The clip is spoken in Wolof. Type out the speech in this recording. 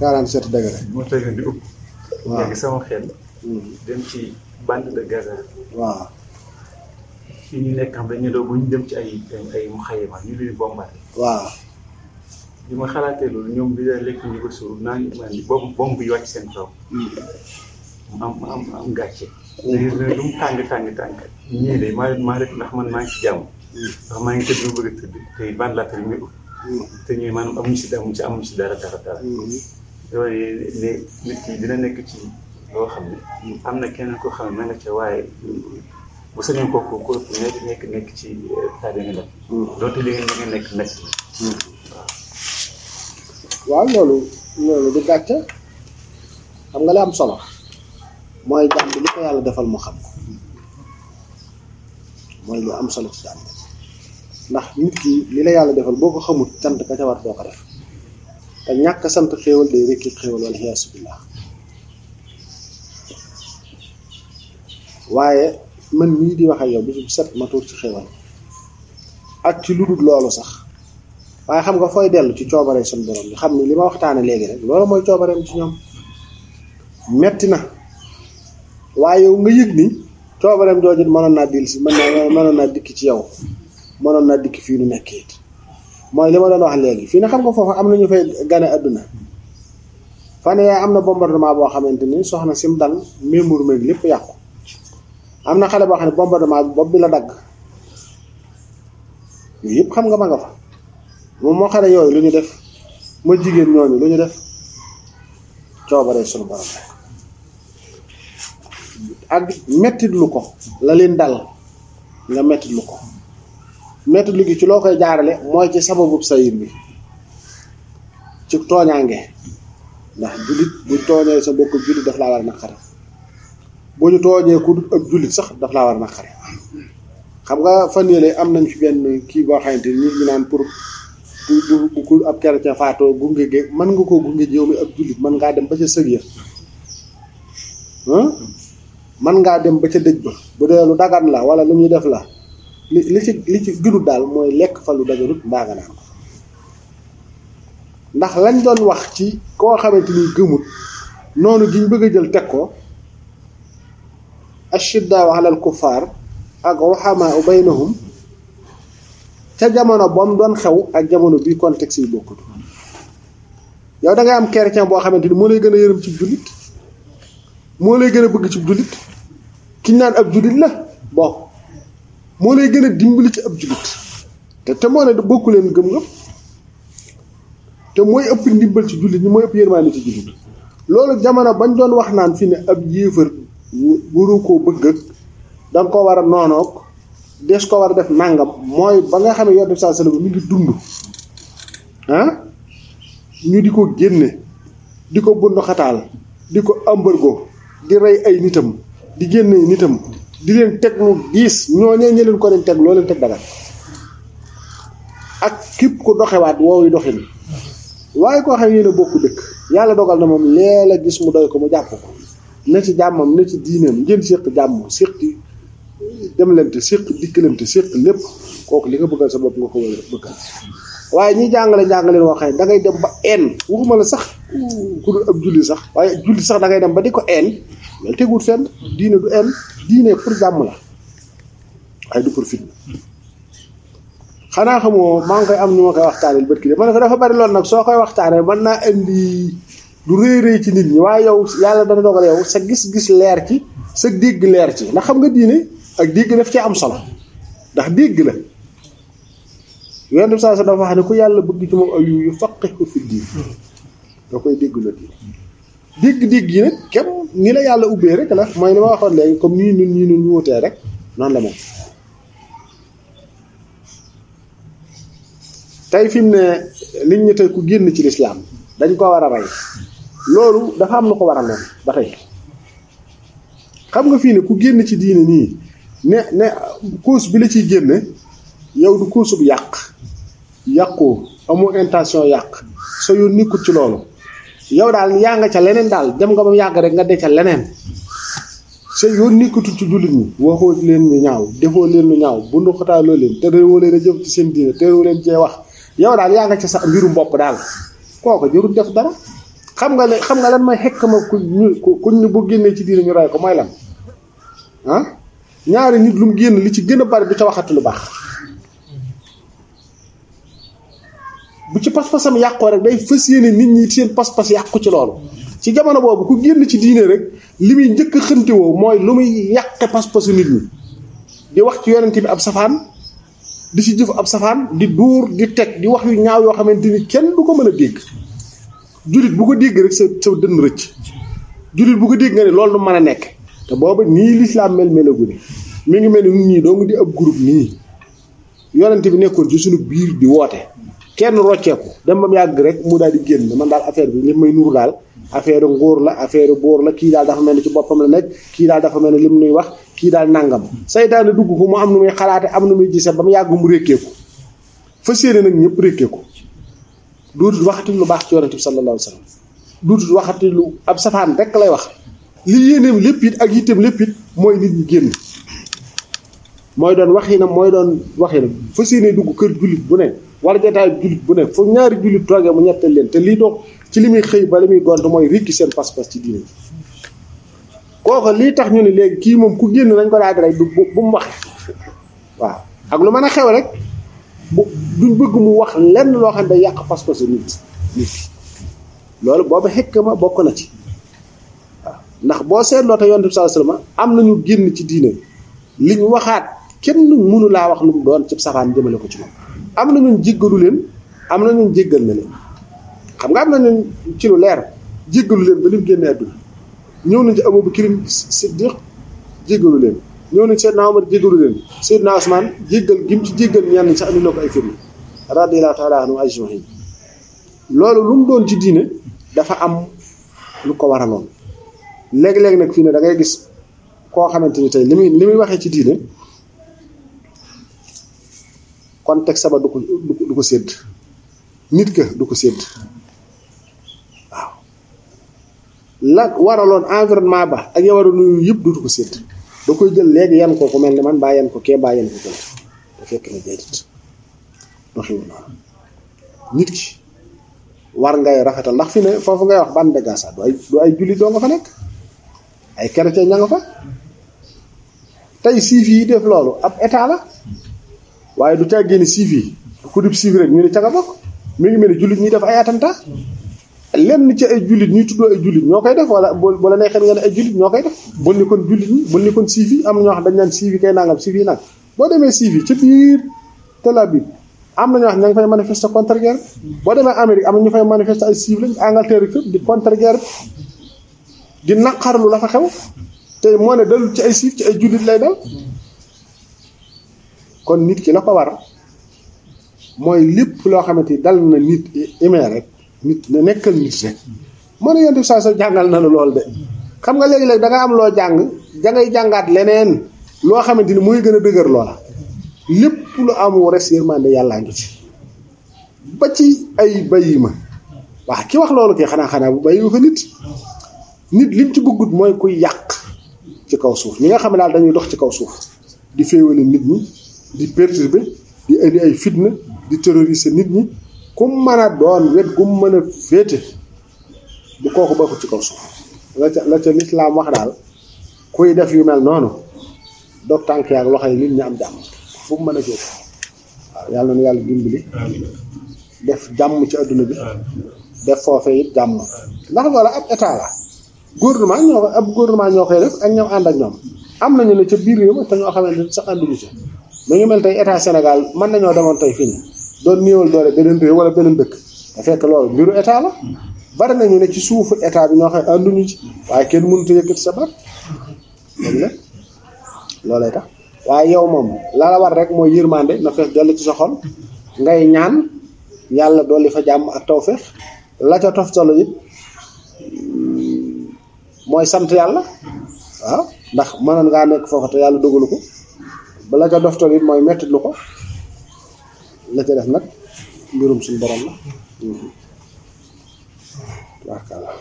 47 degré. bu fekkee di ëpp. Hmm. dem ci bande de Gaza. nekk xam dañu doon ñu dem ci ay ay ñu leen bombardé. waaw. ma xalaatee loolu ñoom bi daal lekk ñu ko suur yi wàcc seen kaw. Hmm. mu am am am gàcce. Hmm. léegi nag lu maa man maa ngi ci jàmm. ndax maa ngi tëdd lu bëgg a tëdd te bande latéral mi ëpp. te ñooy si amuñu si dara dara dara. nit ki dina nekk ci na kenn koo xam ne ma nga ca waaye nekk nekk ci état bi nga def. donte loolu loolu du gàcce xam nga la am solo mooy jàmm li ko yàlla defal mu xam ko mooy lu am solo ci jàmm ndax nit ki li la yàlla defal boo ko xamul cant ka ca war doo ko def. te ñàkk sant xéewal day rekki xéewal wal xiyaasu billah waaye man mii di wax ak yow bisu set ma tuur ci xéewal ak ci lu dul loolu sax waaye xam nga fooy dellu ci coobare suñu borom bi xam ni li ma waxtaane léegi rek loolu mooy coobareem ci ñoom metti na waaye yow nga yëg ni coobareem jooju mënoon naa dil si mën naa mënoon naa dikk ci yow mënoon naa dikk fii nu nekk it mooy li ma doon wax léegi fii na xam nga foofu am na ñu fay gane àdduna fan yaa am na bombardement boo xamante ni soxna sim dal mémoire meeg lépp yàqu am na xale boo xam ne bombardement bi bopp bi la dagg yooyu xam nga ma nga fa moom moo xale yooyu lu ñu def ma jigéen ñooñu lu ñu def coobare suñu borom ak mettit lu ko la leen dal nga mettit lu ko méthode gi ci loo koy jaarale mooy ci sababub sa bi ci tooñaange ndax jullit bu tooñee sa mbokk jullit daf laa war a naqare bu ñu tooñee ku dul ab jullit sax daf laa war a naqare xam nga fan yële am nañ fi benn kii boo xamante ni ñu naan pour bu ku ab chrétien faatoo gunge ge mën nga koo gunge jiw mi ak jullit mën ngaa dem ba ca sëg ya mën ngaa dem ba ca dëj ba bu dee lu dagan la wala lu ñuy def la li li ci li ci gënut daal mooy lekk fa lu dagarut ndax lañ doon wax ci koo xamante ni gëmut noonu giñ bëgg a jël teg ko ashiddaa alal kufaar ak ruhamaa baynahum ca jamono bam doon xew ak jamono bii kontex si bokkut yow da ngay am chrétien boo xamante ni moo lay gën a yërëm ci jullit moo lay gën a bëgg ci jullit kiñ naan ab jullit la bon moo lay gën a dimbali ci ab jullit te te moo ne bokku gëm-gëm te mooy ëpp ndimbal ci jullit ñi mooy ëpp yërmaande ci jullit loolu jamono bañ doon wax naan fi ne ab yéefar waru koo bëgg ak da ko war a noonoog des ko war a def nàngam mooy ba nga xam ne yonent bi sallallahu alayhi mi ngi dund ah ñu di ko génne di ko bundu di ko ambargo di rey ay nitam di génne nitam di leen teg lu diis ñooñee ñi leen ko leen teg loo leen teg dagal ak képp ku doxewaat woowu doxin waaye koo xam ne yéen dëkk yàlla dogal na moom la gis mu doy ko mu jàpp ko na ci jàmmam na ci diineem ngeen séq jàmm séq demlante séq dikkalante séq lépp kooku li nga bëggal sa bopp nga ko war a bëggal waaye ñi jàngale jàngaleen woo dangay dem ba en waxuma la sax ku dul ab julli sax waaye julli sax da ngay dem ba di ko en loolu tegul fenn diine du en diine pour jàmm la waaye du pour fitna xanaa xamoo maa ngi koy am ñu ma koy waxtaanee bët ki de ma ne ko dafa bari lool nag soo koy waxtaanee man naa indi lu rëy rëy ci nit ñi waaye yow yàlla dana dogal yow sa gis-gis leer ci sa dégg leer ci ndax xam nga diine ak dégg daf ci am solo ndax dégg la yonent bi saa sa dafa wax ne ku yàlla bëgg ci moom yu faqih ko fi diine da koy dégg la diine dégg-dégg yi nag kenn ni la yàlla ubbee rek la mooy ni ma waxoon léegi comme nii ñun ñii ñun ñu rek noonu la moom. tey fi mu ne liñ ñu tey ku génn ci lislaam dañ ko war a rey loolu dafa am na ko war a noonu ba tey xam nga fii ne ku génn ci diine nii ne ne cause bi la ciy génne yow du cause bu yàq yàqoo amoo intention yàq sa yoon nekkul ci loolu yow daal yaa nga ca leneen daal dem nga ba yàgg rek nga de ca leneen sa yoon nekkatul ci jullit ñi waxoo leen lu ñaaw defoo leen lu ñaaw bundu xataaloo leen te réewoo leen a ci seen diine te réewoo leen cee wax yow daal yaa nga ca sax mbirum bopp daal kooku jërul def dara xam nga xam nga lan mooy xekk ma ku ñu ku ñu bu génnee ci diine ñu ray ko mooy lan ah ñaari nit lu mu génn li ci gën a bari du ca waxatu lu baax. bu ci pas-pasam yàqoo rek day fas yéene nit ñi seen pas-pas yàqu ci loolu ci jamono boobu ku génn ci diine rek li muy njëkk a xëntewoo mooy lu muy yàqe pas-pasu nit ñi di wax ci yonent bi ab safaan di ci jëf ab safaan di duur di teg di wax yu ñaaw yoo xamante ni kenn du ko mën a dégg jullit bu ko dégg rek sa sa dënn rëcc jullit bu ko dégg nga ne loolu du mën a nekk te booba nii lislaam mel melagu ni mi ngi mel ni ñii doo ngi di ab groupe nii yonent bi nekkoon ci suñu biir di woote kenn ko dem bam yag rek mu dal di genn man dal affaire bi lim may nuur dal affaire ngor la affaire bor la ki dal dafa melni ci bopam la nek ki dal dafa melni lim nuy wax ki dal nangam. saytaane dugg ko mu am nu muy xalaate am nu muy bam yag mu yàgg ko fassiyene nak séene nag ko rékkeeku waxati lu bax ci yaronte bi sallallahu alaihi wasallam sallam waxati lu ab safan rek lay wax li yeneem lépp it ak yitem lépp it mooy nit ñi genn moy don waxina moy don waxina fassiyene séene dugg kër julit bu nek wala jotaay jullit bu nekk foofu ñaari jullit toogee mu ñettal leen te lii dox ci li muy xëy ba li muy gont mooy rikki seen pas-pas ci diine kooku lii tax ñu ne léegi kii moom ku génn nañ ko daal di rey du bu mu wax waaw ak lu mën a xew rek bu duñ bëgg mu wax lenn loo xam ne day yàq pas-pasu nit nit loolu boobu xekk ma bokk na ci waaw ndax boo seetloo te yonent bi sallallahu alayhi wasallam am nañu génn ci diine liñ waxaat kenn mënu laa wax lu mu doon ci safaan jëmale ko ci am na ñun jéggalu leen am na ñun jéggal na leen xam nga am na ñun ci lu leer jéggalu leen ba ni mu génnee àdduna ñëw nañ ci Abu Bakr Siddiq jéggalu leen ñëw nañ Seydina Omar jéggalu leen Seydina Usmaan jéggal gi ci jéggal ñenn sax andi na ko ay firnde radiyallahu taala anhu ajmain loolu lu mu doon ci diine dafa am lu ko waraloon léeg-léeg nag fii ne da ngay gis koo xamante ni tey li muy li muy waxee ci diine contexte ba du ko du ko nit ke du ko sédd waaw la waraloon environnement ba ak ya nuyu yëpp du ko sédd da koy jël léegi yan ko ku mel ni man baa yan ko ke baa yan ko jël da fekk na déedéet doxiwul noonu nit ki war ngay rafetal ndax fi ne foofu ngay wax bande Gaza du ay du ay jullit doo nga fa nekk ay chrétien nga fa tay siif yi def lolu ab état la waaye du càggee ni siif yi ku dib rek ñu ne ca nga bokk mi ngi mel ni jullit ñuy def ay attentat lenn ci ay jullit ñuy tuddoo ay jullit ñoo koy def wala bu la neexee nga ne ay jullit ñoo koy def bul ni kon jullit ñi bul ni kon siif yi am na ñoo xam dañ naan siif yi kay nangam siif yi nag boo demee siif yi ci biir Tel Aviv am na ñoo xam ne ña ngi fay manifester contre guerre boo demee Amérique am na ñu fay manifester ay siif lañ Angleterre yi di contre guerre di naqarlu la fa xew te moo ne dalul ci ay siif ci ay jullit lay dal kon nit ki la ko war mooy lépp loo xamante ni dal na nit imee rek nit na nekkal nit rek mën na yontu saa sa jàngal na la lool de xam nga léegi-léegi da am loo jàng dangay jàngaat leneen loo xamante ni mooy gën a dëgër loola lépp lu am res yërmande yàllaa ngi ci ba ci ay bayi ma waaw ki wax loolu kay xanaa xanaa bu bayi ko nit nit lim ci bëggut mooy kuy yàq ci kaw suuf ñi nga xam daal dañuy dox ci kaw suuf di féewale nit ñi di perturber di ay fitna di terroriser nit ñi ku mën a doon wet gu mën a féete bu kooku bokk ci kaw suuf la ca la lislaam wax daal kuy def yu mel noonu dog tànk yaak loxo yi nit ñi am jàmm fu mën a féete yàlla na yàlla dimbali def jàmm ci adduna bi def foofee it jàmm ndax loola ab état la gouvernement ñoo ko ab gouvernement ñoo koy def ak ñoom ànd ak ñoom am nañu ne ca biir réew ma te ñoo xamante ne sax ànduñu ci da nga mel tey état Sénégal mën nañoo demoon tey fii doon néewal doole beneen réew wala beneen dëkk te fekk loolu mbiru état la bari nañu ne ci suufu état bi ñoo xam ne ànduñu ci waaye kenn mënut a yëkkati sa baat dégg tax waaye yow moom la war rek mooy yërmande na fees ci sa ngay ñaan yàlla dolli fa jàmm ak tawfeex la ca toftalu it mooy sant yàlla waaw ndax mënoon ngaa nekk foofu te yàlla dogalu ko. bala ca doftal it mooy mettit lu ko la ca def nag mbirum suñu borom la waaw mm-hmm.